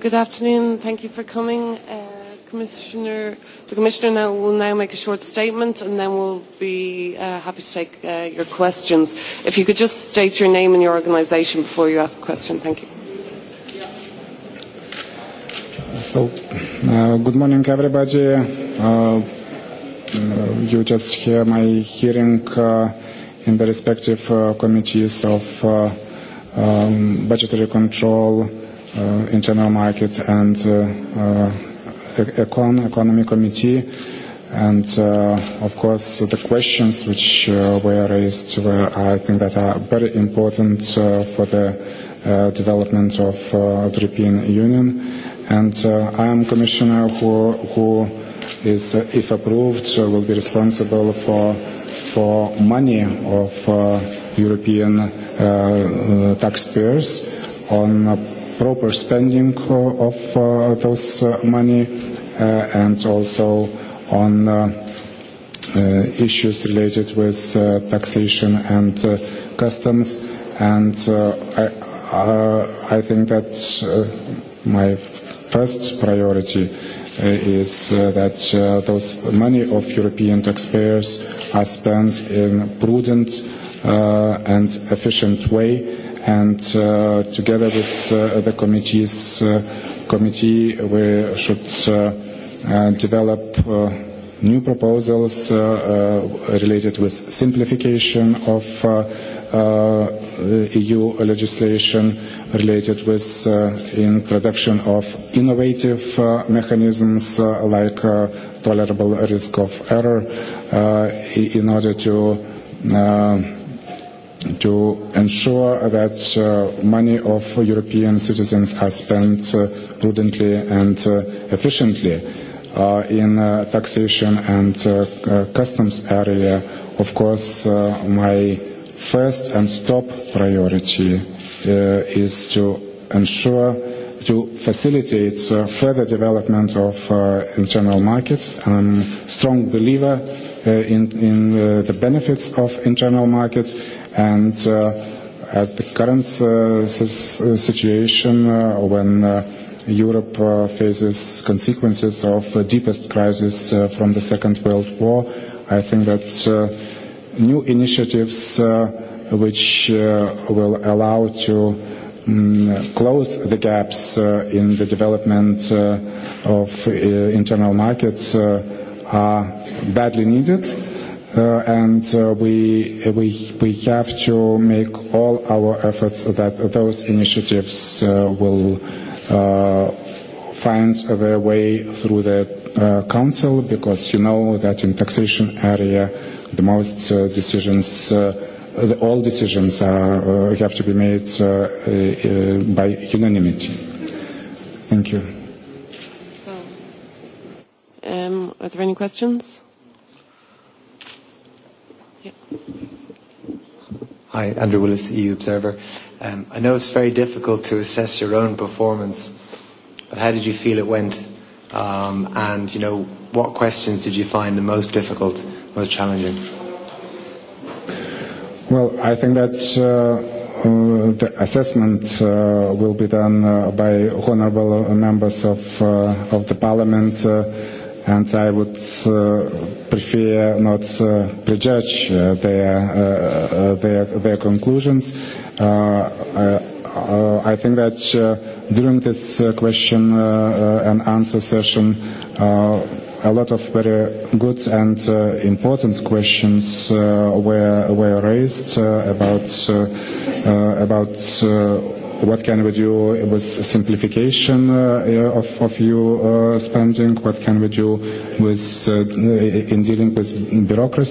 Good afternoon. Thank you for coming. Commissioner, the Commissioner now will now make a short statement and then we'll be happy to take your questions. If you could just state your name and your organisation before you ask a question. Thank you. So, good morning everybody. You just hear my hearing in the respective committees of budgetary control, uh internal market and econ economy committee and of course the questions which were raised were I think that are very important for the development of the European Union and I am commissioner who who is if approved will be responsible for for money of European taxpayers on proper spending of those money and also on issues related with taxation and customs and I think that my first priority is that those money of European taxpayers are spent in prudent and efficient way and together with the committees committee we should develop new proposals related with simplification of EU legislation, related with introduction of innovative mechanisms like tolerable risk of error in order to to ensure that money of European citizens are spent prudently and efficiently in taxation and customs area. Of course, my first and top priority is to ensure to facilitate further development of internal market. I'm a strong believer in the benefits of internal markets And at the current situation, when Europe faces consequences of the deepest crisis from the Second World War, I think that new initiatives which will allow to close the gaps in the development of internal markets are badly needed and we we we have to make all our efforts that those initiatives will find their way through the council because you know that in taxation area the most decisions all decisions are have to be made by unanimity thank you so um are there any questions Hi, Andrew Willis, EU Observer. Um, I know it's very difficult to assess your own performance, but how did you feel it went? Um, and, you know, what questions did you find the most difficult, most challenging? Well, I think that the assessment will be done by honorable members of, of the parliament and I would prefer not prejudge their their their conclusions. I think that during this question and answer session a lot of very good and important questions were were raised about about what can we do with simplification of, of EU spending, what can we do with, in dealing with bureaucracy